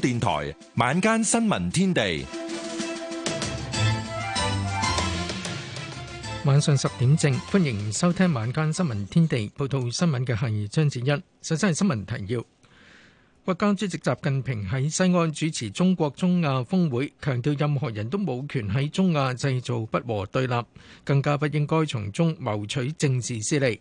電台晚間新聞天地，晚上十點正，歡迎收聽晚間新聞天地。報道新聞嘅係張子欣。首先係新聞提要：國家主席習近平喺西安主持中國中亞峰會，強調任何人都冇權喺中亞製造不和對立，更加不應該從中謀取政治私利。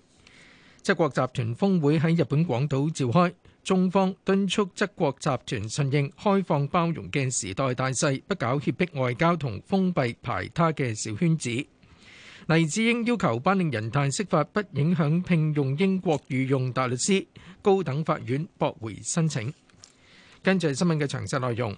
七國集團峰會喺日本廣島召開。中方敦促七國集團順應開放包容嘅時代大勢，不搞脅迫外交同封閉排他嘅小圈子。黎智英要求頒令人大釋法，不影響聘用英國御用大律師，高等法院駁回申請。跟住新聞嘅詳細內容。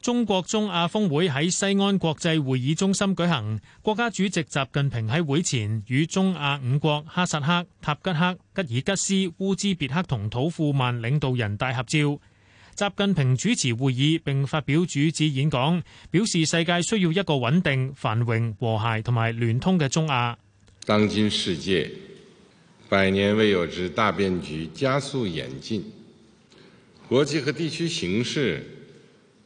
中國中亞峰會喺西安國際會議中心舉行，國家主席習近平喺會前與中亞五國哈薩克、塔吉克、吉爾吉斯、烏茲別克同土庫曼領導人大合照。習近平主持會議並發表主旨演講，表示世界需要一個穩定、繁榮、和諧同埋聯通嘅中亞。當今世界百年未有之大變局加速演進，國際和地區形勢。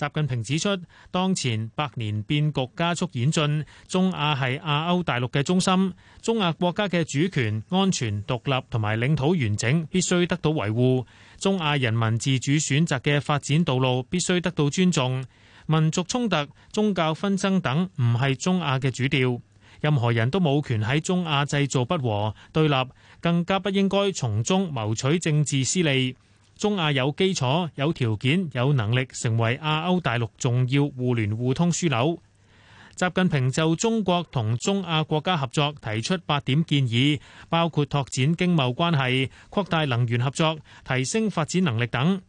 習近平指出，當前百年變局加速演進，中亞係亞歐大陸嘅中心，中亞國家嘅主權、安全、獨立同埋領土完整必須得到維護，中亞人民自主選擇嘅發展道路必須得到尊重，民族衝突、宗教紛爭等唔係中亞嘅主調，任何人都冇權喺中亞製造不和、對立，更加不應該從中謀取政治私利。中亞有基礎、有條件、有能力成為亞歐大陸重要互聯互通樞紐。習近平就中國同中亞國家合作提出八點建議，包括拓展經貿關係、擴大能源合作、提升發展能力等。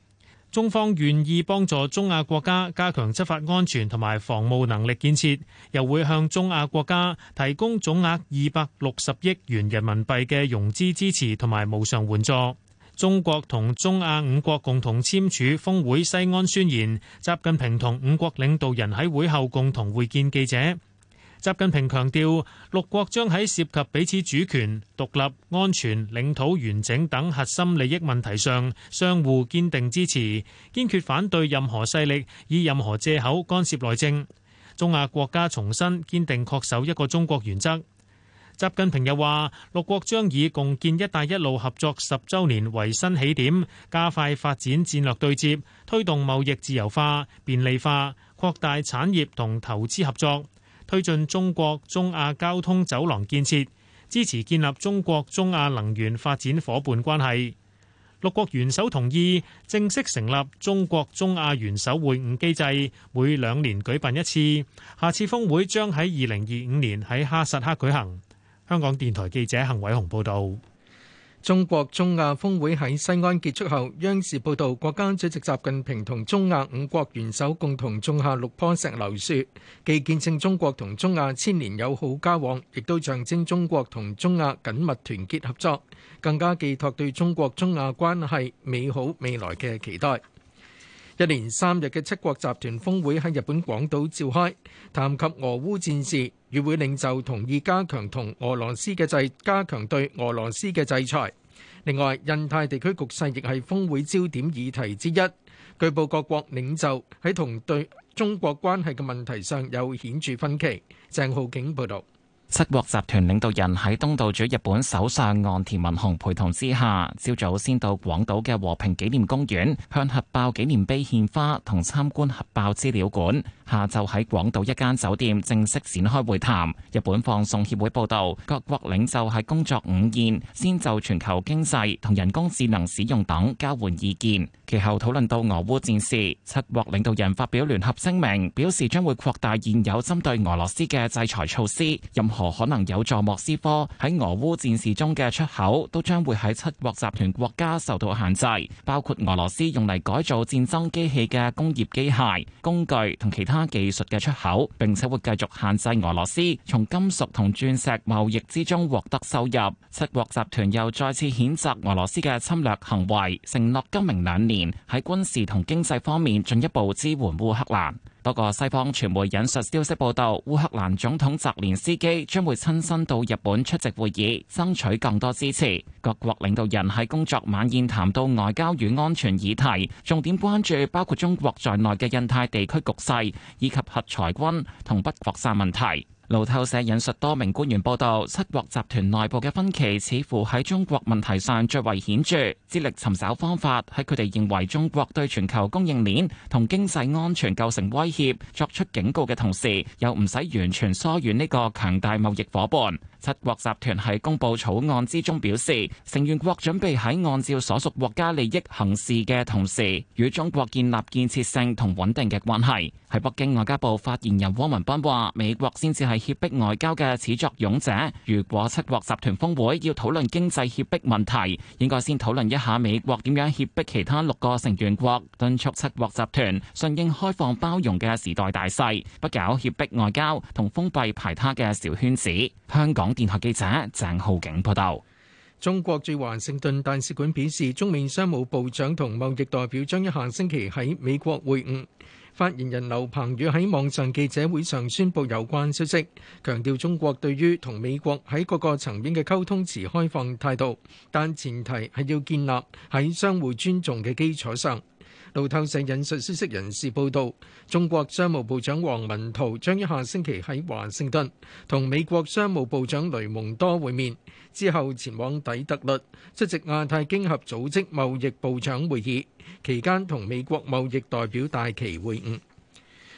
中方願意幫助中亞國家加強執法安全同埋防務能力建設，又會向中亞國家提供總額二百六十億元人民幣嘅融資支持同埋無償援助。中國同中亞五國共同簽署峰會西安宣言，習近平同五國領導人喺會後共同會見記者。習近平強調，六國將喺涉及彼此主權、獨立、安全、領土完整等核心利益問題上相互堅定支持，堅決反對任何勢力以任何借口干涉內政。中亞國家重申堅定恪守一個中國原則。習近平又話，六國將以共建「一帶一路」合作十週年為新起點，加快發展戰略對接，推動貿易自由化、便利化，擴大產業同投資合作，推進中國中亞交通走廊建設，支持建立中國中亞能源發展伙伴關係。六國元首同意正式成立中國中亞元首會晤機制，每兩年舉辦一次。下次峰會將喺二零二五年喺哈薩克舉行。香港電台記者恒偉雄報道，中國中亞峰會喺西安結束後，央視報道，國家主席習近平同中亞五國元首共同種下六棵石榴樹，既見證中國同中亞千年友好交往，亦都象徵中國同中亞緊密團結合作，更加寄託對中國中亞關係美好未來嘅期待。一連三日嘅七國集團峯會喺日本廣島召開，談及俄烏戰事，與會領袖同意加強同俄羅斯嘅制，加強對俄羅斯嘅制裁。另外，印太地區局勢亦係峯會焦點議題之一。據報各國領袖喺同對中國關係嘅問題上有顯著分歧。鄭浩景報導。七國集團領導人喺東道主日本首相岸田文雄陪同之下，朝早先到廣島嘅和平紀念公園向核爆紀念碑獻花同參觀核爆資料館。下晝喺廣島一間酒店正式展開會談。日本放送協會報道，各國領袖喺工作午宴先就全球經濟同人工智能使用等交換意見，其後討論到俄烏戰事。七國領導人發表聯合聲明，表示將會擴大現有針對俄羅斯嘅制裁措施。任何何可能有助莫斯科喺俄烏戰事中嘅出口，都將會喺七國集團國家受到限制，包括俄羅斯用嚟改造戰爭機器嘅工業機械、工具同其他技術嘅出口。並且會繼續限制俄羅斯從金屬同鑽石貿易之中獲得收入。七國集團又再次譴責俄羅斯嘅侵略行為，承諾今明兩年喺軍事同經濟方面進一步支援烏克蘭。多個西方傳媒引述消息報道，烏克蘭總統澤連斯基將會親身到日本出席會議，爭取更多支持。各國領導人喺工作晚宴談到外交與安全議題，重點關注包括中國在內嘅印太地區局勢，以及核裁軍同不擴散問題。路透社引述多名官員報道，七國集團內部嘅分歧似乎喺中國問題上最為顯著，致力尋找方法喺佢哋認為中國對全球供應鏈同經濟安全構成威脅作出警告嘅同時，又唔使完全疏遠呢個強大貿易伙伴。七國集團喺公布草案之中表示，成員國準備喺按照所屬國家利益行事嘅同時，與中國建立建設性同穩定嘅關係。喺北京外交部發言人汪文斌話美國先至係脅迫外交嘅始作俑者。如果七國集團峰會要討論經濟脅迫問題，應該先討論一下美國點樣脅迫其他六個成員國，敦促七國集團順應開放包容嘅時代大勢，不搞脅迫外交同封閉排他嘅小圈子。香港電台記者鄭浩景報道。中國駐華盛頓大使館表示，中美商務部長同貿易代表將一下星期喺美國會晤。發言人劉鵬宇喺網上記者會上宣佈有關消息，強調中國對於同美國喺各個層面嘅溝通持開放態度，但前提係要建立喺相互尊重嘅基礎上。路透社引述消息人士報道，中國商務部長王文濤將於下星期喺華盛頓同美國商務部長雷蒙多會面，之後前往底特律出席亞太經合組織貿易部長會議，期間同美國貿易代表戴琪會晤。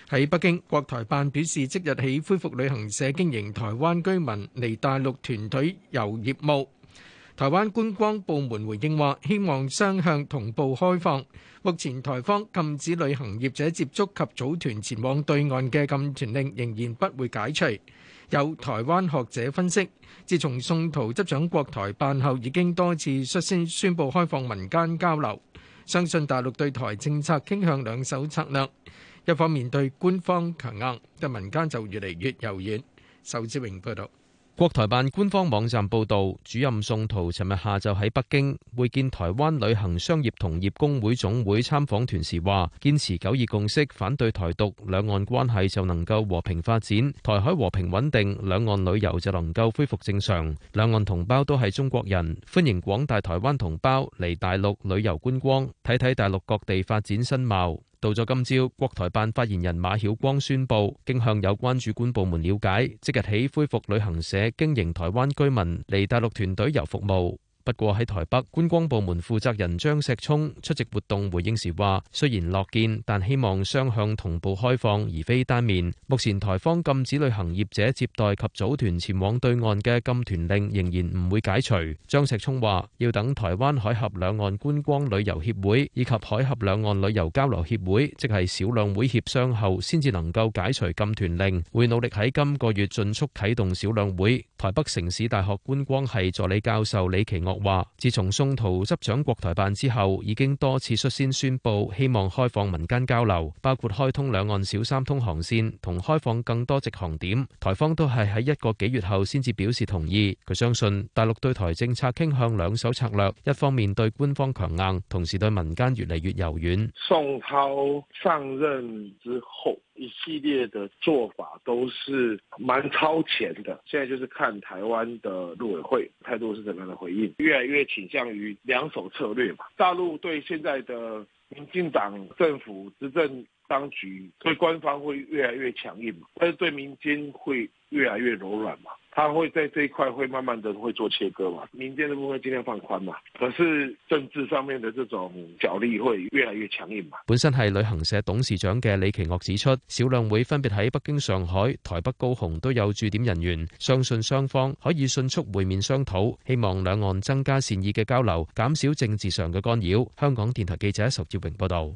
喺北京，國台辦表示即日起恢復旅行社經營台灣居民嚟大陸團隊遊業務。台灣觀光部門回應話，希望雙向同步開放。目前台方禁止旅行業者接觸及組團前往對岸嘅禁團令仍然不會解除。有台灣學者分析，自從宋濤執掌國台辦後，已經多次率先宣布開放民間交流，相信大陸對台政策傾向兩手策略，一方面對官方強硬，對民間就越嚟越柔軟。仇志榮報導。國台辦官方網站報道，主任宋濤尋日下晝喺北京會見台灣旅行商業同業工會總會參訪團時話，話堅持九二共識，反對台獨，兩岸關係就能夠和平發展，台海和平穩定，兩岸旅遊就能夠恢復正常。兩岸同胞都係中國人，歡迎廣大台灣同胞嚟大陸旅遊觀光，睇睇大陸各地發展新貌。到咗今朝，國台辦發言人馬曉光宣布，經向有關主管部門了解，即日起恢復旅行社經營台灣居民嚟大陸團隊遊服務。不過喺台北觀光部門負責人張石聰出席活動回應時話：雖然樂見，但希望雙向同步開放，而非單面。目前台方禁止旅行業者接待及組團前往對岸嘅禁團令仍然唔會解除。張石聰話：要等台灣海峽兩岸觀光旅遊協會以及海峽兩岸旅遊交流協會，即係小兩會協商後，先至能夠解除禁團令。會努力喺今個月盡速啟動小兩會。台北城市大學觀光系助理教授李奇岳話：自從宋濤執掌國台辦之後，已經多次率先宣布希望開放民間交流，包括開通兩岸小三通航線同開放更多直航點。台方都係喺一個幾月後先至表示同意。佢相信大陸對台政策傾向兩手策略，一方面對官方強硬，同時對民間越嚟越柔軟。宋濤上任之後，一系列的做法都是蠻超前的，現在就是看台灣的陸委會態度是怎麼樣的回應，越來越傾向於兩手策略嘛。大陸對現在的民進黨政府執政當局，對官方會越來越強硬嘛，但是對民間會越來越柔軟嘛。他會在這一塊會慢慢的會做切割嘛，民間的部分盡量放寬嘛，可是政治上面的這種角力會越來越強硬嘛。本身係旅行社董事長嘅李奇岳指出，小兩會分別喺北京、上海、台北、高雄都有駐點人員，相信雙方可以迅速會面商討，希望兩岸增加善意嘅交流，減少政治上嘅干擾。香港電台記者仇志榮報道。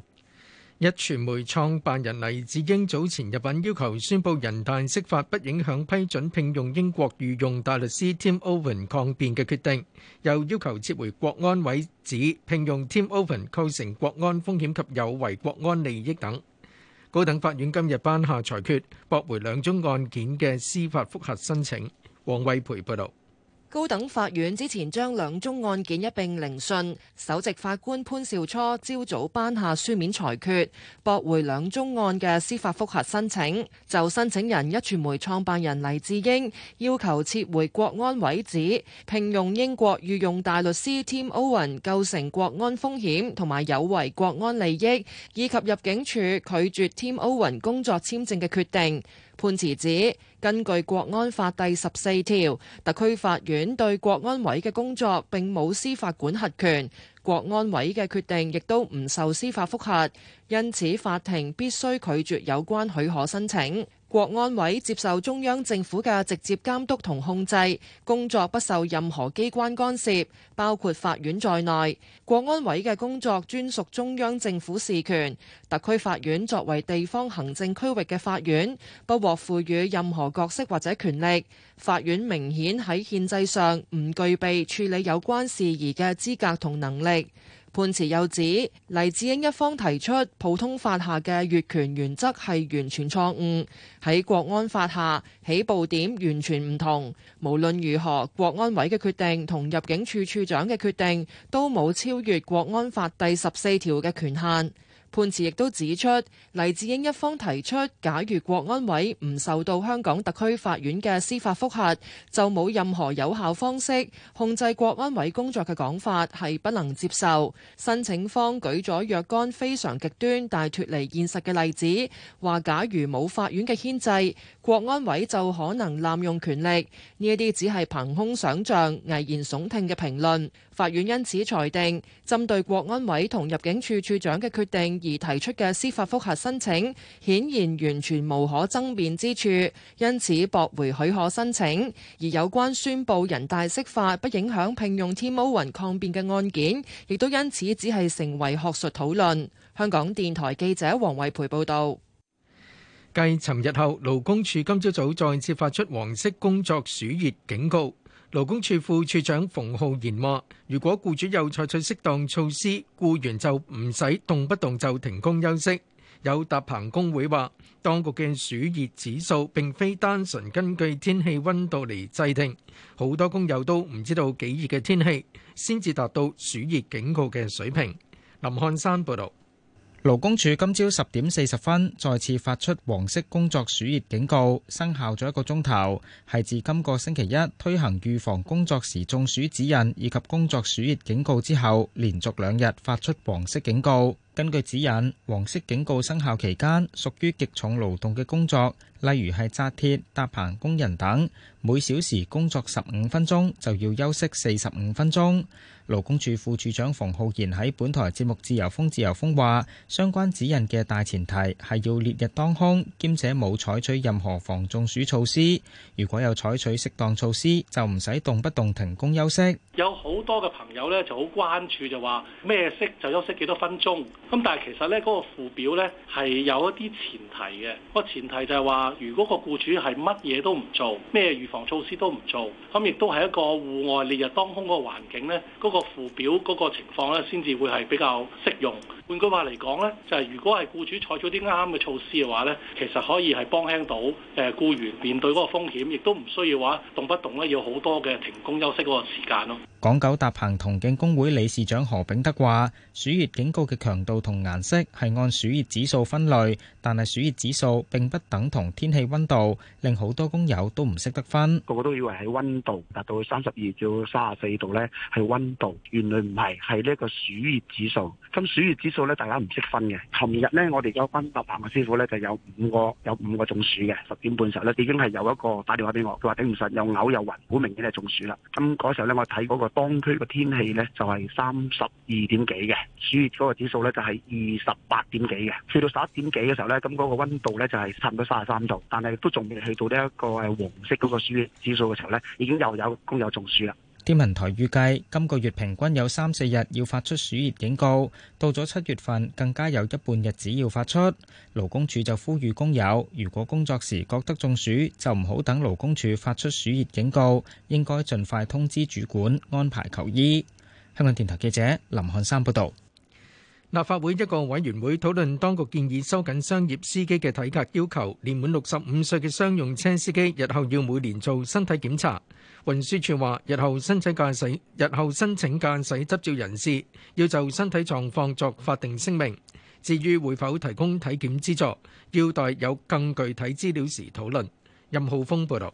壹傳媒創辦人黎智英早前入禀要求宣布人大釋法不影響批准聘用英國御用大律師 Tim Owen 抗辯嘅決定，又要求撤回國安委指聘用 Tim Owen 構成國安風險及有違國安利益等。高等法院今日頒下裁決，駁回兩宗案件嘅司法複核申請。王惠培報導。高等法院之前將兩宗案件一併聆訊，首席法官潘兆初朝早頒下書面裁決，駁回兩宗案嘅司法覆核申請，就申請人一傳媒創辦人黎智英要求撤回國安委指聘用英國御用大律師 Tim Owen 構成國安風險同埋有違國安利益，以及入境處拒絕 Tim Owen 工作簽證嘅決定，判詞指。根據《國安法》第十四條，特區法院對國安委嘅工作並冇司法管轄權，國安委嘅決定亦都唔受司法覆核，因此法庭必須拒絕有關許可申請。國安委接受中央政府嘅直接監督同控制，工作不受任何機關干涉，包括法院在內。國安委嘅工作專屬中央政府事權，特區法院作為地方行政區域嘅法院，不獲賦予任何角色或者權力。法院明顯喺憲制上唔具備處理有關事宜嘅資格同能力。判詞又指黎智英一方提出普通法下嘅越權原則係完全錯誤，喺國安法下起步點完全唔同。無論如何，國安委嘅決定同入境處處長嘅決定都冇超越國安法第十四條嘅權限。判詞亦都指出，黎智英一方提出，假如國安委唔受到香港特區法院嘅司法覆核，就冇任何有效方式控制國安委工作嘅講法係不能接受。申請方舉咗若干非常極端但脫離現實嘅例子，話假如冇法院嘅牽制。國安委就可能濫用權力，呢一啲只係憑空想象、危言聳聽嘅評論。法院因此裁定，針對國安委同入境處處長嘅決定而提出嘅司法覆核申請，顯然完全無可爭辯之處，因此駁回許可申請。而有關宣布人大釋法不影響聘用 Tim Owen 抗辯嘅案件，亦都因此只係成為學術討論。香港電台記者黃惠培報道。繼尋日後，勞工處今朝早再次發出黃色工作暑熱警告。勞工處副處長馮浩然話，如果僱主又採取適當措施，僱員就唔使動不動就停工休息。有搭棚工會話，當局嘅暑熱指數並非單純根據天氣溫度嚟制定，好多工友都唔知道幾熱嘅天氣先至達到暑熱警告嘅水平。林漢山報導。勞工處今朝十點四十分再次發出黃色工作暑熱警告，生效咗一個鐘頭。係自今個星期一推行預防工作時中暑指引以及工作暑熱警告之後，連續兩日發出黃色警告。根據指引，黃色警告生效期間，屬於極重勞動嘅工作，例如係紮鐵、搭棚工人等，每小時工作十五分鐘就要休息四十五分鐘。勞工處副處長馮浩然喺本台節目《自由風》自由風話，相關指引嘅大前提係要烈日當空，兼且冇採取任何防中暑措施。如果有採取適當措施，就唔使，動不動停工休息。有好多嘅朋友咧就好關注，就話咩息就休息幾多分鐘，咁但係其實咧，嗰個附表咧係有一啲前提嘅，個前提就係話如果個僱主係乜嘢都唔做，咩預防措施都唔做，咁亦都係一個戶外烈日當空個環境咧，個。個附表嗰個情況咧，先至會係比較適用。換句話嚟講咧，就係如果係僱主採取啲啱啱嘅措施嘅話咧，其實可以係幫輕到誒僱員面對嗰個風險，亦都唔需要話動不動咧要好多嘅停工休息嗰個時間咯。港九搭棚同徑工會理事長何炳德話：暑熱警告嘅強度同顏色係按暑熱指數分類，但係暑熱指數並不等同天氣溫度，令好多工友都唔識得分。個個都以為係溫度達到三十二至三十四度呢係溫度，原來唔係，係呢個暑熱指數。咁暑熱指數咧，大家唔識分嘅。琴日呢，我哋有分搭棚嘅師傅呢，就有五個有五個中暑嘅。十點半時候呢，已經係有一個打電話俾我，佢話頂唔順，又嘔又暈，好明顯係中暑啦。咁嗰時候呢，我睇嗰、那個。當區個天氣咧就係三十二點幾嘅，暑熱嗰個指數咧就係二十八點幾嘅，去到十一點幾嘅時候咧，咁嗰個溫度咧就係差唔多卅三度，但係都仲未去到呢一個係黃色嗰個暑熱指數嘅時候咧，已經又有工友中暑啦。天文台預計今個月平均有三四日要發出暑熱警告，到咗七月份更加有一半日子要發出。勞工處就呼籲工友，如果工作時覺得中暑，就唔好等勞工處發出暑熱警告，應該盡快通知主管安排求醫。香港電台記者林漢山報道。立法會一個委員會討論當局建議收緊商業司機嘅體格要求，年滿六十五歲嘅商用車司機日後要每年做身體檢查。運輸署話，日後申請駕駛，日後申請駕駛執照人士，要就身體狀況作法定聲明。至於會否提供體檢資助，要待有更具體資料時討論。任浩峰報道。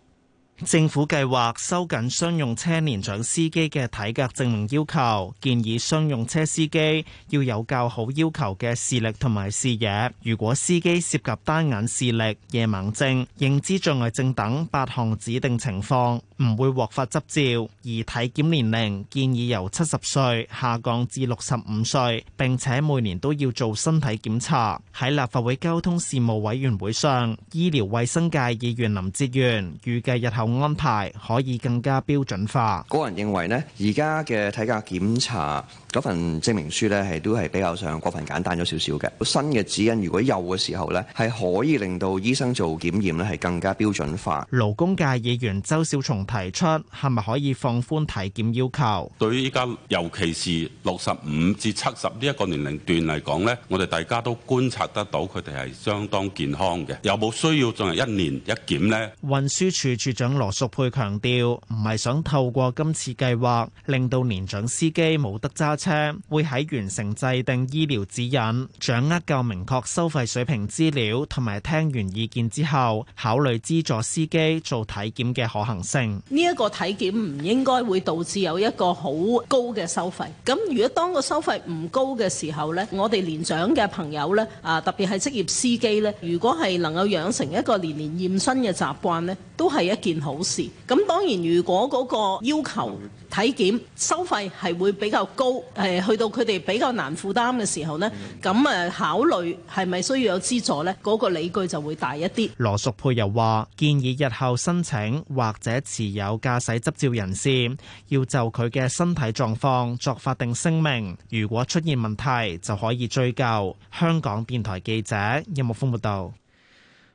政府計劃收緊商用車年長司機嘅體格證明要求，建議商用車司機要有較好要求嘅視力同埋視野。如果司機涉及單眼視力、夜盲症、認知障礙症等八項指定情況，唔會獲發執照。而體檢年齡建議由七十歲下降至六十五歲，並且每年都要做身體檢查。喺立法會交通事務委員會上，醫療衛生界議員林哲玄預計日後安排可以更加標準化。個人認為，咧，而家嘅體格檢查。份證明書咧係都係比較上過分簡單咗少少嘅。新嘅指引如果有嘅時候咧，係可以令到醫生做檢驗咧係更加標準化。勞工界議員周少松提出係咪可以放寬體檢要求？對於依家尤其是六十五至七十呢一個年齡段嚟講咧，我哋大家都觀察得到佢哋係相當健康嘅，有冇需要進行一年一檢呢？運輸處處長羅淑佩強調，唔係想透過今次計劃令到年長司機冇得揸。車會喺完成制定醫療指引、掌握夠明確收費水平資料，同埋聽完意見之後，考慮資助司機做體檢嘅可行性。呢一個體檢唔應該會導致有一個好高嘅收費。咁如果當個收費唔高嘅時候咧，我哋年長嘅朋友咧啊，特別係職業司機咧，如果係能夠養成一個年年驗身嘅習慣咧，都係一件好事。咁當然，如果嗰個要求，體檢收費係會比較高，誒去到佢哋比較難負擔嘅時候呢，咁誒考慮係咪需要有資助呢，嗰、嗰個理據就會大一啲。羅淑佩又話：建議日後申請或者持有駕駛執照人士要就佢嘅身體狀況作法定聲明，如果出現問題就可以追究。香港電台記者任木峰報道。有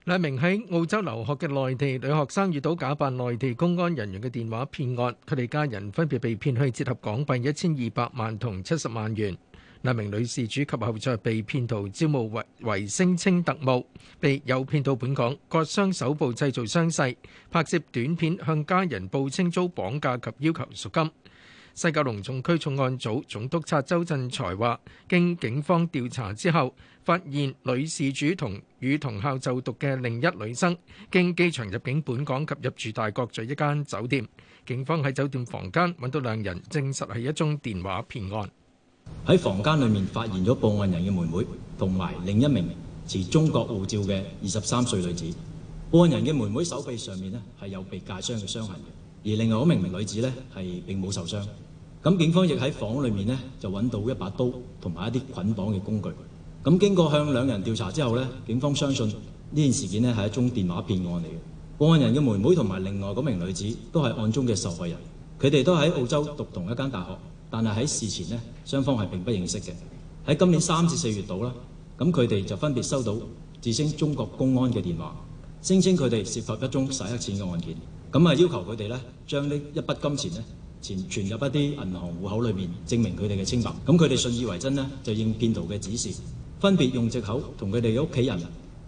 兩名喺澳洲留學嘅內地女學生遇到假扮內地公安人員嘅電話騙案，佢哋家人分別被騙去折合港幣一千二百萬同七十萬元。兩名女事主及後再被騙徒招募為為聲稱特務，被誘騙到本港割傷手部製造傷勢，拍攝短片向家人報稱遭綁架及要求贖金。西九龍重區重案組總督察周振才話，經警方調查之後，發現女事主同與同校就讀嘅另一女生，經機場入境本港及入住大角咀一間酒店。警方喺酒店房間搵到兩人，證實係一宗電話騙案。喺房間裡面發現咗報案人嘅妹妹，同埋另一名持中國護照嘅二十三歲女子。報案人嘅妹妹手臂上面呢係有被界傷嘅傷痕，而另外嗰一名女子呢係並冇受傷。咁警方亦喺房裏面咧就揾到一把刀同埋一啲捆綁嘅工具。咁經過向兩人調查之後咧，警方相信呢件事件咧係一宗電話騙案嚟嘅。報案人嘅妹妹同埋另外嗰名女子都係案中嘅受害人，佢哋都喺澳洲讀同一間大學，但係喺事前咧雙方係並不認識嘅。喺今年三至四月度啦，咁佢哋就分別收到自稱中國公安嘅電話，聲稱佢哋涉及一宗洗黑錢嘅案件，咁啊要求佢哋咧將呢將一筆金錢咧。存存入一啲銀行戶口裏面，證明佢哋嘅清白。咁佢哋信以為真呢，就應騙徒嘅指示，分別用藉口同佢哋嘅屋企人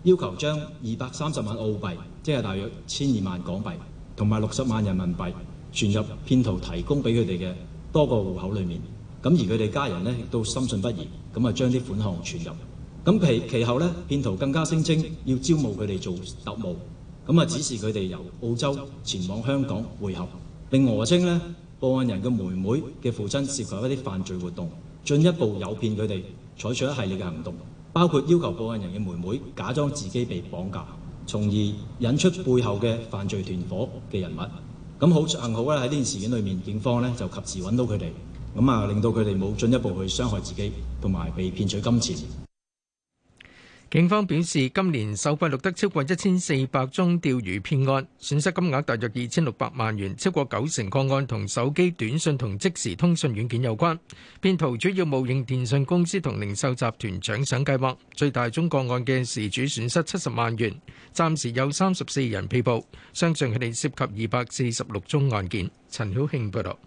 要求將二百三十萬澳幣，即係大約千二萬港幣，同埋六十萬人民幣存入騙徒提供俾佢哋嘅多個戶口裏面。咁而佢哋家人呢，亦都深信不疑，咁啊將啲款項存入。咁其其後呢，騙徒更加聲稱要招募佢哋做特務，咁啊指示佢哋由澳洲前往香港會合。令俄稱呢。報案人嘅妹妹嘅父親涉及一啲犯罪活動，進一步誘騙佢哋採取一系列嘅行動，包括要求報案人嘅妹妹假裝自己被綁架，從而引出背後嘅犯罪團伙嘅人物。咁好幸好咧喺呢件事件裏面，警方咧就及時揾到佢哋，咁啊令到佢哋冇進一步去傷害自己同埋被騙取金錢。警方表示，今年首季錄得超過一千四百宗釣魚騙案，損失金額大約二千六百萬元，超過九成個案同手機短信同即時通訊軟件有關，騙徒主要冒認電信公司同零售集團獎賞計劃，最大宗個案嘅事主損失七十萬元。暫時有三十四人被捕，相信佢哋涉及二百四十六宗案件。陳曉慶報導。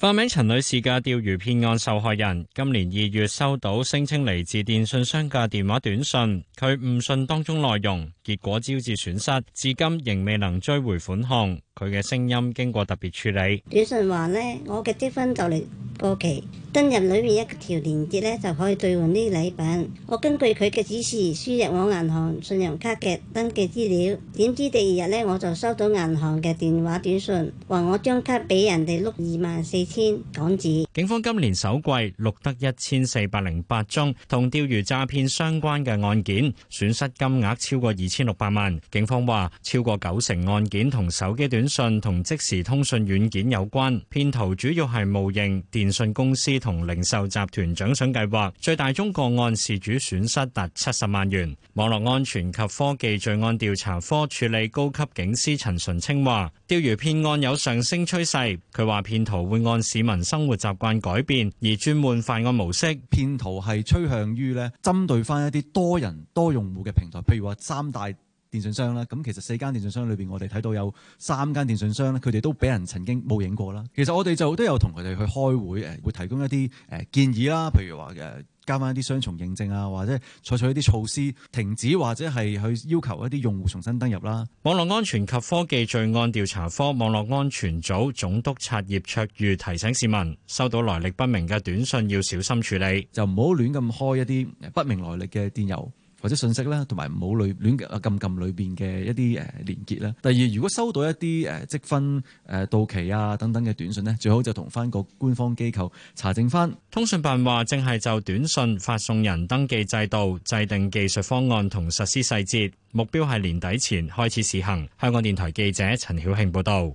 化名陳女士嘅釣魚騙案受害人，今年二月收到聲稱嚟自電信商嘅電話短信，佢誤信當中內容，結果招致損失，至今仍未能追回款項。佢嘅聲音經過特別處理。短信話呢，我嘅積分就嚟過期，登入裏面一條連結呢就可以兌換啲禮品。我根據佢嘅指示輸入我銀行信用卡嘅登記資料，點知第二日呢，我就收到銀行嘅電話短信，話我張卡俾人哋碌二萬四千港紙。警方今年首季錄得一千四百零八宗同釣魚詐騙相關嘅案件，損失金額超過二千六百萬。警方話，超過九成案件同手機短信同即時通訊軟件有關，騙徒主要係冒認電信公司同零售集團獎賞計劃，最大宗個案事主損失達七十萬元。網絡安全及科技罪案調查科處理高級警司陳純清話，釣魚騙案有上升趨勢。佢話騙徒會按市民生活習慣改變而轉換犯案模式，騙徒係趨向於咧針對翻一啲多人多用戶嘅平台，譬如話三大。電信商啦，咁其實四間電信商裏邊，我哋睇到有三間電信商咧，佢哋都俾人曾經冒認過啦。其實我哋就都有同佢哋去開會，誒會提供一啲誒建議啦，譬如話誒加翻一啲雙重認證啊，或者採取一啲措施停止或者係去要求一啲用戶重新登入啦。網絡安全及科技罪案調查科網絡安全組總督察葉卓裕提醒市民，收到來歷不明嘅短信要小心處理，就唔好亂咁開一啲不明來歷嘅電郵。或者信息啦，同埋唔好亂亂撳撳裏邊嘅一啲誒連結啦。第二，如果收到一啲誒積分誒、呃、到期啊等等嘅短信呢，最好就同翻個官方機構查證翻。通訊辦話正係就短信發送人登記制度制定技術方案同實施細節，目標係年底前開始試行。香港電台記者陳曉慶報道。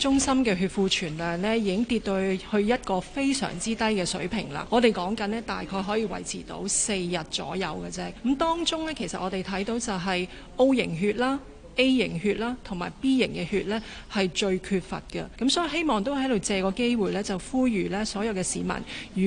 中心嘅血庫存量呢已經跌到去一個非常之低嘅水平啦。我哋講緊呢，大概可以維持到四日左右嘅啫。咁當中呢，其實我哋睇到就係 O 型血啦、A 型血啦，同埋 B 型嘅血呢係最缺乏嘅。咁所以希望都喺度借個機會呢，就呼籲呢所有嘅市民，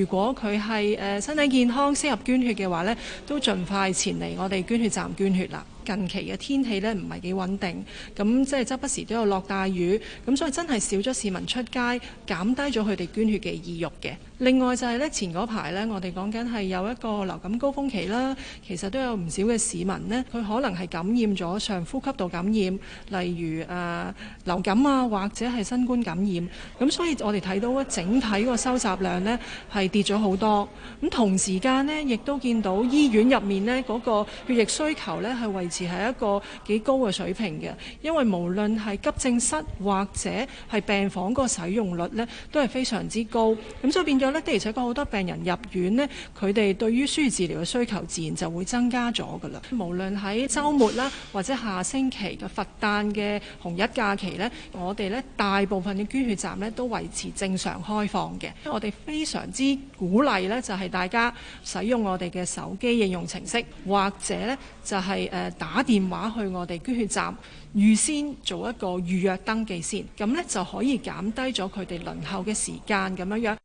如果佢係誒身體健康適合捐血嘅話呢，都盡快前嚟我哋捐血站捐血啦。近期嘅天氣呢，唔係幾穩定，咁即係周不時都有落大雨，咁所以真係少咗市民出街，減低咗佢哋捐血嘅意欲嘅。另外就係、是、呢前嗰排呢，我哋講緊係有一個流感高峰期啦，其實都有唔少嘅市民呢，佢可能係感染咗上呼吸道感染，例如誒、呃、流感啊，或者係新冠感染，咁所以我哋睇到整體個收集量呢，係跌咗好多。咁同時間呢，亦都見到醫院入面呢嗰個血液需求呢，係為。係一個幾高嘅水平嘅，因為無論係急症室或者係病房嗰個使用率呢，都係非常之高。咁所以變咗呢，的而且確好多病人入院呢，佢哋對於輸血治療嘅需求自然就會增加咗噶啦。無論喺週末啦，或者下星期嘅佛誕嘅紅日假期呢，我哋呢，大部分嘅捐血站呢都維持正常開放嘅。我哋非常之鼓勵呢，就係大家使用我哋嘅手機應用程式或者呢。就係誒打電話去我哋捐血站，預先做一個預約登記先，咁呢就可以減低咗佢哋輪候嘅時間咁樣樣。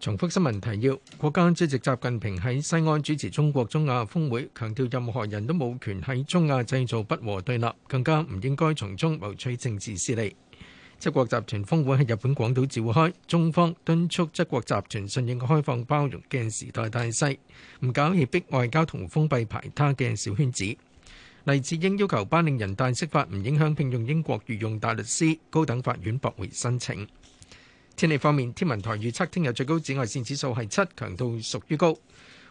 重複新聞提要：國家主席習近平喺西安主持中國中亞峰會，強調任何人都冇權喺中亞製造不和對立，更加唔應該從中謀取政治私利。七國集團峰會喺日本廣島召開，中方敦促七國集團順應開放包容嘅時代大勢，唔搞脅逼外交同封閉排他嘅小圈子。黎智英要求頒令人大釋法，唔影響聘用英國御用大律師，高等法院駁回申請。天氣方面，天文台預測聽日最高紫外線指數係七，強度屬於高。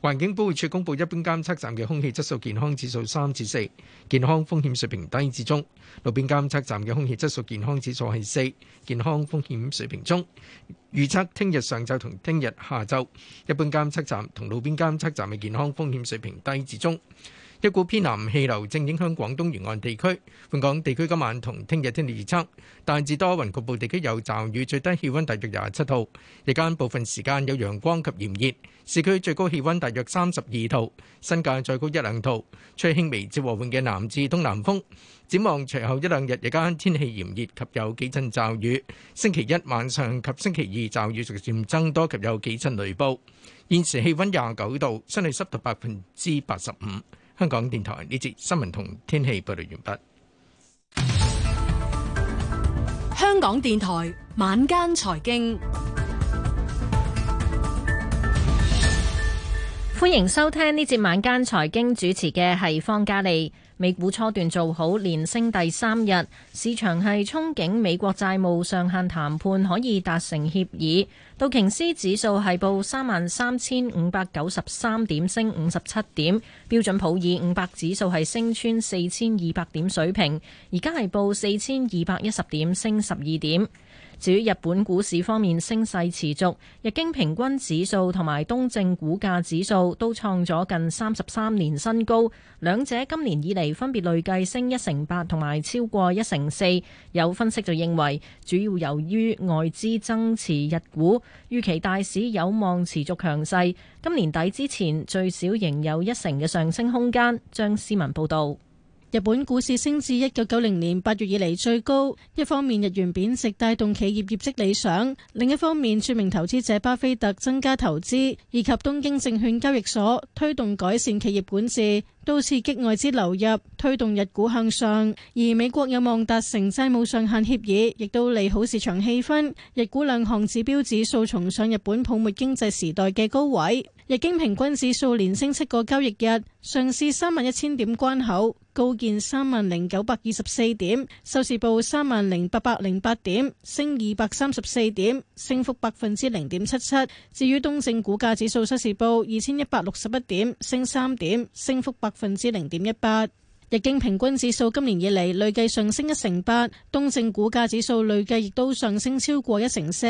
環境保護署公布，一般監測站嘅空氣質素健康指數三至四，健康風險水平低至中；路邊監測站嘅空氣質素健康指數係四，健康風險水平中。預測聽日上晝同聽日下晝，一般監測站同路邊監測站嘅健康風險水平低至中。一股偏南氣流正影響廣東沿岸地區。本港地區今晚同聽日天氣預測，大致多雲，局部地區有驟雨，最低氣温大約廿七度。日間部分時間有陽光及炎熱，市區最高氣温大約三十二度，新界再高一兩度。吹輕微至和緩嘅南至東南風。展望隨後一兩日日間天氣炎熱及有幾陣驟雨，星期一晚上及星期二驟雨逐漸增多及有幾陣雷暴。現時氣温廿九度，相對濕度百分之八十五。香港電台呢節新聞同天氣報道完畢。香港電台晚間財經，歡迎收聽呢節晚間財經。主持嘅係方嘉利。美股初段做好連升第三日，市場係憧憬美國債務上限談判可以達成協議。道瓊斯指數係報三萬三千五百九十三點，升五十七點。標準普爾五百指數係升穿四千二百點水平，而家係報四千二百一十點，升十二點。至於日本股市方面，升勢持續，日經平均指數同埋東證股價指數都創咗近三十三年新高，兩者今年以嚟分別累計升一成八同埋超過一成四。有分析就認為，主要由於外資增持日股。預期大市有望持續強勢，今年底之前最少仍有一成嘅上升空間。張思文報道，日本股市升至一九九零年八月以嚟最高。一方面日元貶值帶動企業業績理想，另一方面著名投資者巴菲特增加投資，以及東京證券交易所推動改善企業管治。都刺激外資流入，推動日股向上。而美國有望達成債務上限協議，亦都利好市場氣氛。日股兩項指標指數重上日本泡沫經濟時代嘅高位。日經平均指數連升七個交易日，上市三萬一千點關口，高見三萬零九百二十四點，收市報三萬零八百零八點，升二百三十四點，升幅百分之零點七七。至於東證股價指數收市報二千一百六十一點，升三點，升幅百。百分之零點一八，日經平均指數今年以嚟累計上升一成八，東證股價指數累計亦都上升超過一成四。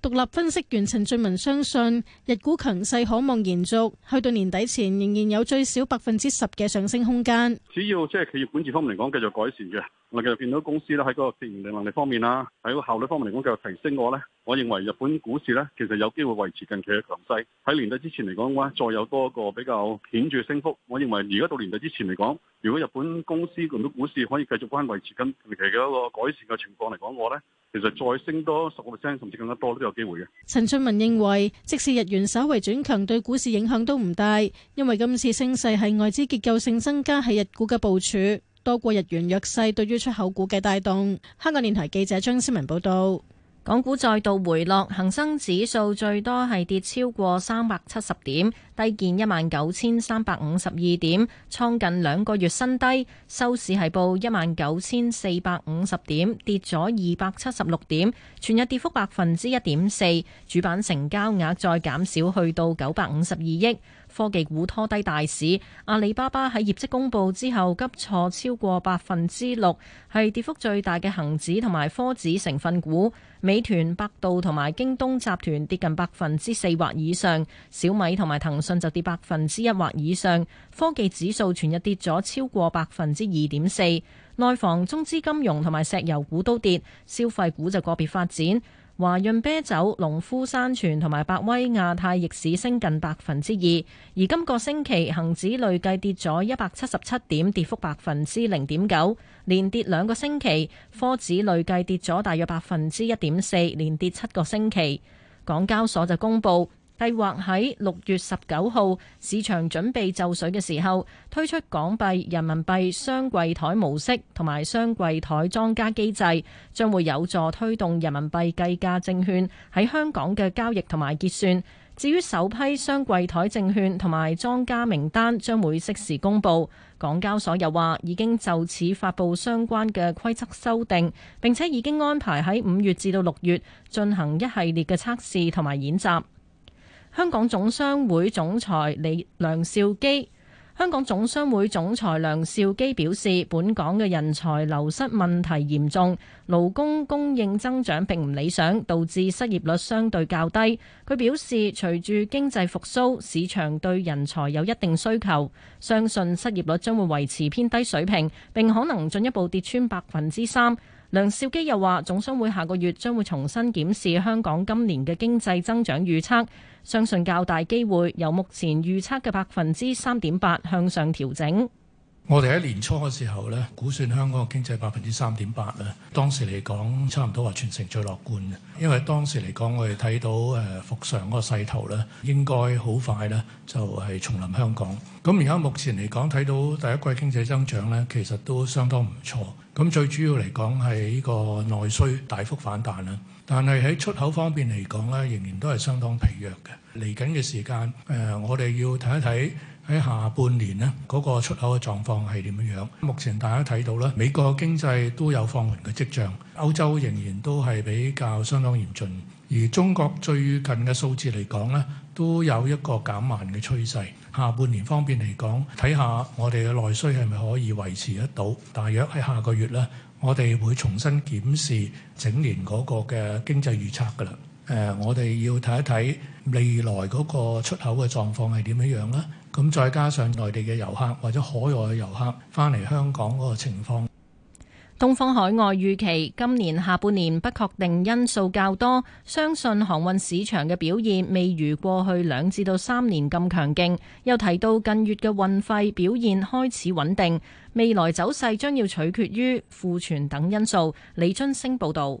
獨立分析員陳俊文相信，日股強勢可望延續，去到年底前仍然有最少百分之十嘅上升空間。主要即係企業本業方面嚟講，繼續改善嘅。我其實見到公司咧喺個盈利能力方面啦，喺個效率方面嚟講，繼續提升嘅話咧，我認為日本股市咧其實有機會維持近期嘅強勢，喺年底之前嚟講嘅話，我再有多個比較顯著升幅。我認為而家到年底之前嚟講，如果日本公司個股市可以繼續翻維持近期嘅一個改善嘅情況嚟講，我咧其實再升多十個 percent 甚至更加多都有機會嘅。陳俊文認為，即使日元稍為轉強，對股市影響都唔大，因為今次升勢係外資結構性增加喺日股嘅部署。多過日元弱勢對於出口股嘅帶動。香港電台記者張思文報道，港股再度回落，恒生指數最多係跌超過三百七十點，低見一萬九千三百五十二點，創近兩個月新低。收市係報一萬九千四百五十點，跌咗二百七十六點，全日跌幅百分之一點四。主板成交額再減少去到九百五十二億。科技股拖低大市，阿里巴巴喺業績公布之後急挫，超過百分之六，係跌幅最大嘅恒指同埋科指成分股。美團、百度同埋京東集團跌近百分之四或以上，小米同埋騰訊就跌百分之一或以上。科技指數全日跌咗超過百分之二點四。內房、中資金融同埋石油股都跌，消費股就個別發展。華潤啤酒、農夫山泉同埋百威亞太逆市升近百分之二，而今個星期恒指累計跌咗一百七十七點，跌幅百分之零點九，連跌兩個星期；科指累計跌咗大約百分之一點四，連跌七個星期。港交所就公布，計劃喺六月十九號市場準備就緒嘅時候推出港幣、人民幣雙櫃台模式，同埋雙櫃台莊家機制，將會有助推動人民幣計價證券喺香港嘅交易同埋結算。至於首批雙櫃台證券同埋莊家名單，將會適時公佈。港交所又話已經就此發布相關嘅規則修訂，並且已經安排喺五月至到六月進行一系列嘅測試同埋演習。香港總商會總裁李梁兆基，香港總商會總裁梁兆基表示，本港嘅人才流失問題嚴重，勞工供應增長並唔理想，導致失業率相對較低。佢表示，隨住經濟復蘇，市場對人才有一定需求，相信失業率將會維持偏低水平，並可能進一步跌穿百分之三。梁兆基又話：總商會下個月將會重新檢視香港今年嘅經濟增長預測，相信較大機會由目前預測嘅百分之三點八向上調整。我哋喺年初嘅時候咧，估算香港嘅經濟百分之三點八咧，當時嚟講差唔多話全城最樂觀嘅，因為當時嚟講我哋睇到誒復常嗰個勢頭咧，應該好快咧就係重臨香港。咁而家目前嚟講睇到第一季經濟增長咧，其實都相當唔錯。咁最主要嚟講係呢個內需大幅反彈啦，但係喺出口方面嚟講咧，仍然都係相當疲弱嘅。嚟緊嘅時間誒，我哋要睇一睇。喺下半年呢嗰、那個出口嘅狀況係點樣樣？目前大家睇到啦，美國經濟都有放緩嘅跡象，歐洲仍然都係比較相當嚴峻，而中國最近嘅數字嚟講咧，都有一個減慢嘅趨勢，下半年方面嚟講睇下我哋嘅內需係咪可以維持得到？大約喺下個月咧，我哋會重新檢視整年嗰個嘅經濟預測噶啦。誒、呃，我哋要睇一睇未來嗰個出口嘅狀況，係點樣樣啦。咁再加上內地嘅遊客或者海外嘅遊客翻嚟香港嗰個情況，東方海外預期今年下半年不確定因素較多，相信航運市場嘅表現未如過去兩至到三年咁強勁，又提到近月嘅運費表現開始穩定，未來走勢將要取決於庫存等因素。李津升報道。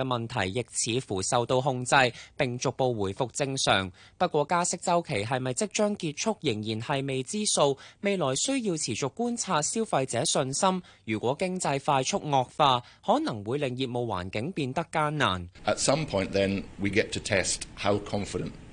嘅問題亦似乎受到控制，並逐步回復正常。不過，加息週期係咪即將結束，仍然係未知數。未來需要持續觀察消費者信心。如果經濟快速惡化，可能會令業務環境變得艱難。At some point, then we get to test how confident.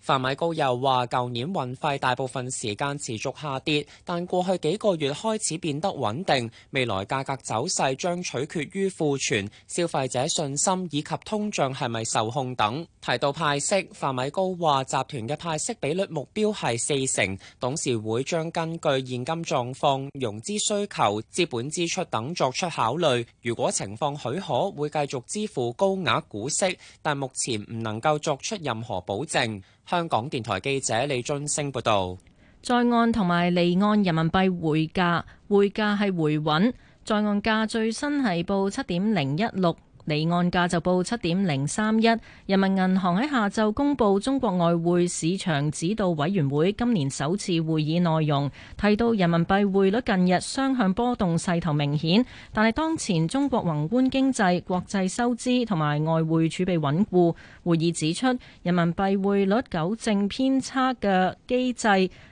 范米高又話舊年運費大部分時間持續下跌，但過去幾個月開始變得穩定。未來價格走勢將取決於庫存、消費者信心以及通脹係咪受控等。提到派息，范米高話集團嘅派息比率目標係四成，董事會將根據現金狀況、融資需求、資本支出等作出考慮，如果情況許可，會繼續支付高額股息，但目前唔能夠作出任何保證。香港電台記者李俊升報道。在、在岸同埋離岸人民幣匯價，匯價係回穩，在岸價最新係報七點零一六。離岸價就報七點零三一。人民銀行喺下晝公布中國外匯市場指導委員會今年首次會議內容，提到人民幣匯率近日雙向波動勢頭明顯，但係當前中國宏觀經濟、國際收支同埋外匯儲備穩固。會議指出，人民幣匯率糾正偏差嘅機制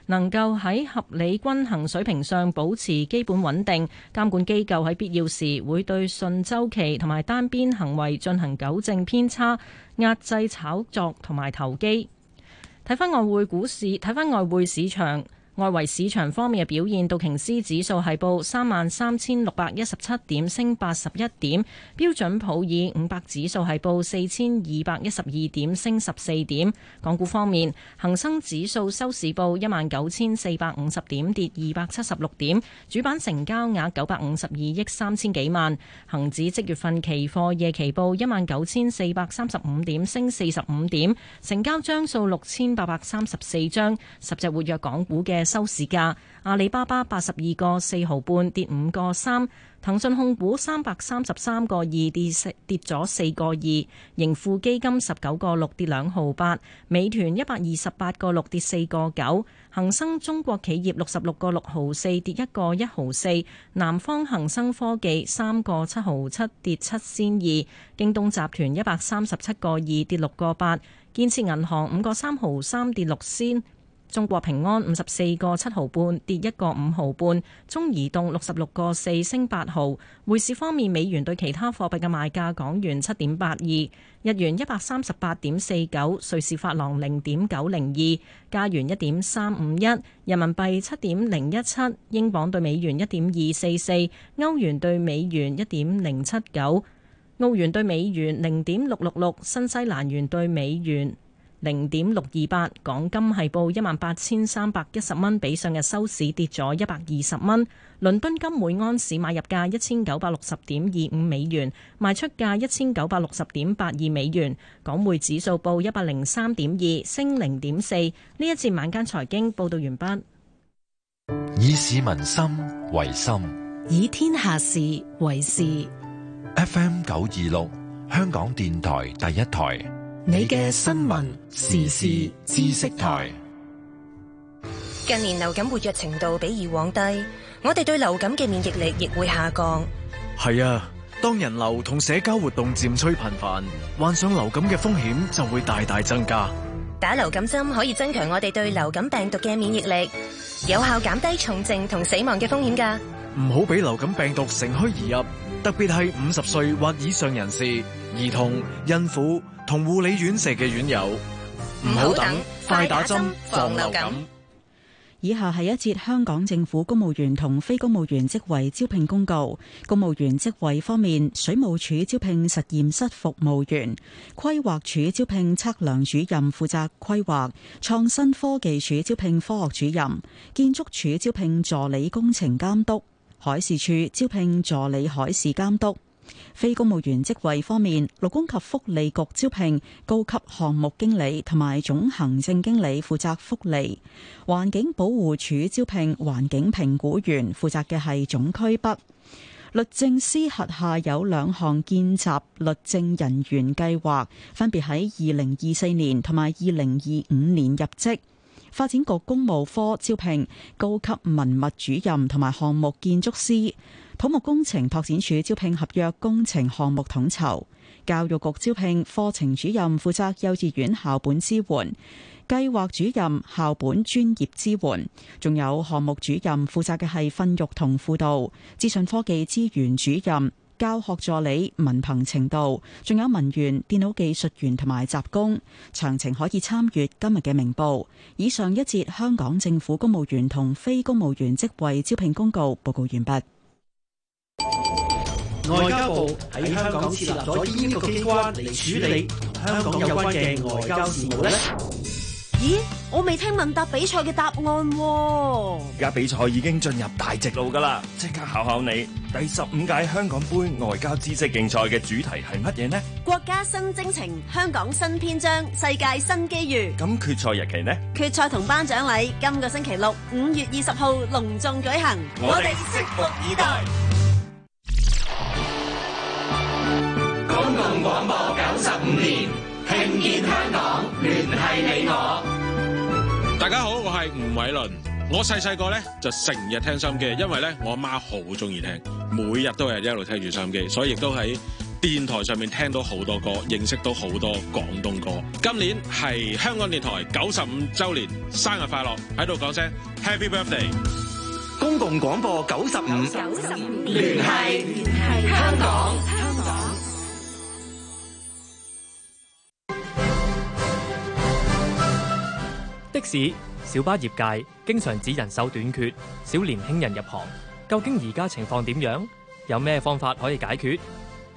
能夠喺合理均衡水平上保持基本穩定，監管機構喺必要時會對順周期同埋單邊。行為進行糾正偏差、壓制炒作同埋投機。睇翻外匯股市，睇翻外匯市場。外圍市場方面嘅表現，道瓊斯指數係報三萬三千六百一十七點，升八十一點；標準普爾五百指數係報四千二百一十二點，升十四點。港股方面，恒生指數收市報一萬九千四百五十點，跌二百七十六點；主板成交額九百五十二億三千幾萬。恒指即月份期貨夜期報一萬九千四百三十五點，升四十五點，成交張數六千八百三十四張。十隻活躍港股嘅。收市價，阿里巴巴八十二個四毫半跌五個三，騰訊控股三百三十三個二跌四跌咗四個二，盈富基金十九個六跌兩毫八，美團一百二十八個六跌四個九，恒生中國企業六十六個六毫四跌一個一毫四，南方恒生科技三個七毫七跌七仙二，京東集團一百三十七個二跌六個八，建設銀行五個三毫三跌六仙。中國平安五十四個七毫半，跌一個五毫半。中移動六十六個四升八毫。匯市方面，美元對其他貨幣嘅賣價：港元七點八二，日元一百三十八點四九，瑞士法郎零點九零二，加元一點三五一，人民幣七點零一七，英鎊對美元一點二四四，歐元對美元一點零七九，澳元對美元零點六六六，新西蘭元對美元。零點六二八。港金係報一萬八千三百一十蚊，比上日收市跌咗一百二十蚊。倫敦金每安士買入價一千九百六十點二五美元，賣出價一千九百六十點八二美元。港匯指數報一百零三點二，升零點四。呢一次晚間財經報道完畢。以市民心為心，以天下事為事。FM 九二六，香港電台第一台。你嘅新聞時事知識台，近年流感活躍程度比以往低，我哋對流感嘅免疫力亦會下降。係啊，當人流同社交活動漸趨頻繁，患上流感嘅風險就會大大增加。打流感針可以增強我哋對流感病毒嘅免疫力，有效減低重症同死亡嘅風險噶。唔好俾流感病毒乘虛而入，特別係五十歲或以上人士、兒童、孕婦同護理院舍嘅院友唔好等，快打針防流感。以下係一節香港政府公務員同非公務員職位招聘公告。公務員職位方面，水務署招聘實驗室服務員，規劃署招聘測量主任負責規劃，創新科技署招聘科學主任，建築署招聘助理工程監督，海事處招聘助理海事監督。非公務員職位方面，勞工及福利局招聘高級項目經理同埋總行政經理負責福利；環境保護署招聘環境評估員，負責嘅係總區北。律政司轄下有兩項見習律政人員計劃，分別喺二零二四年同埋二零二五年入職。發展局公務科招聘高級文物主任同埋項目建築師，土木工程拓展署招聘合約工程項目統籌，教育局招聘課程主任負責幼稚園校本支援、計劃主任校本專業支援，仲有項目主任負責嘅係訓育同輔導、資訊科技資源主任。教學助理、文憑程度，仲有文員、電腦技術員同埋雜工，詳情可以參閱今日嘅明報。以上一節香港政府公務員同非公務員職位招聘公告，報告完畢。外交部喺香港設立咗邊一個機關嚟處理同香港有關嘅外交事務呢？咦，我未聽問答比賽嘅答案喎，啊！而家比賽已經進入大直路噶啦，即刻考考你！第十五屆香港杯外交知識競賽嘅主題係乜嘢呢？國家新征程，香港新篇章，世界新機遇。咁決賽日期呢？決賽同頒獎禮今個星期六五月二十號隆重舉行，我哋拭目以待。公共廣播九十五年。聽見香港，聯繫你我。大家好，我係吳偉倫。我細細個咧就成日聽收音機，因為咧我阿媽好中意聽，每日都係一路聽住收音機，所以亦都喺電台上面聽到好多歌，認識到好多廣東歌。今年係香港電台九十五周年生日快樂，喺度講聲 Happy Birthday！公共廣播九十五，聯繫香港。的士、小巴業界經常指人手短缺，少年輕人入行。究竟而家情況點樣？有咩方法可以解決？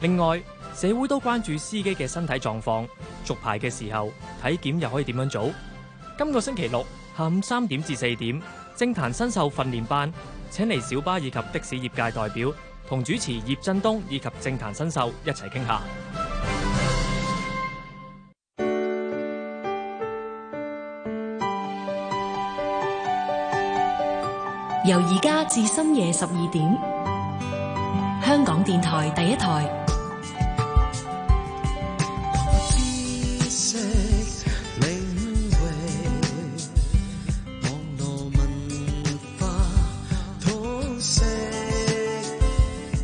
另外，社會都關注司機嘅身體狀況，續牌嘅時候體檢又可以點樣做？今個星期六下午三點至四點，政壇新秀訓練班，請嚟小巴以及的士業界代表，同主持葉振東以及政壇新秀一齊傾下。由而家至深夜十二點，香港電台第一台。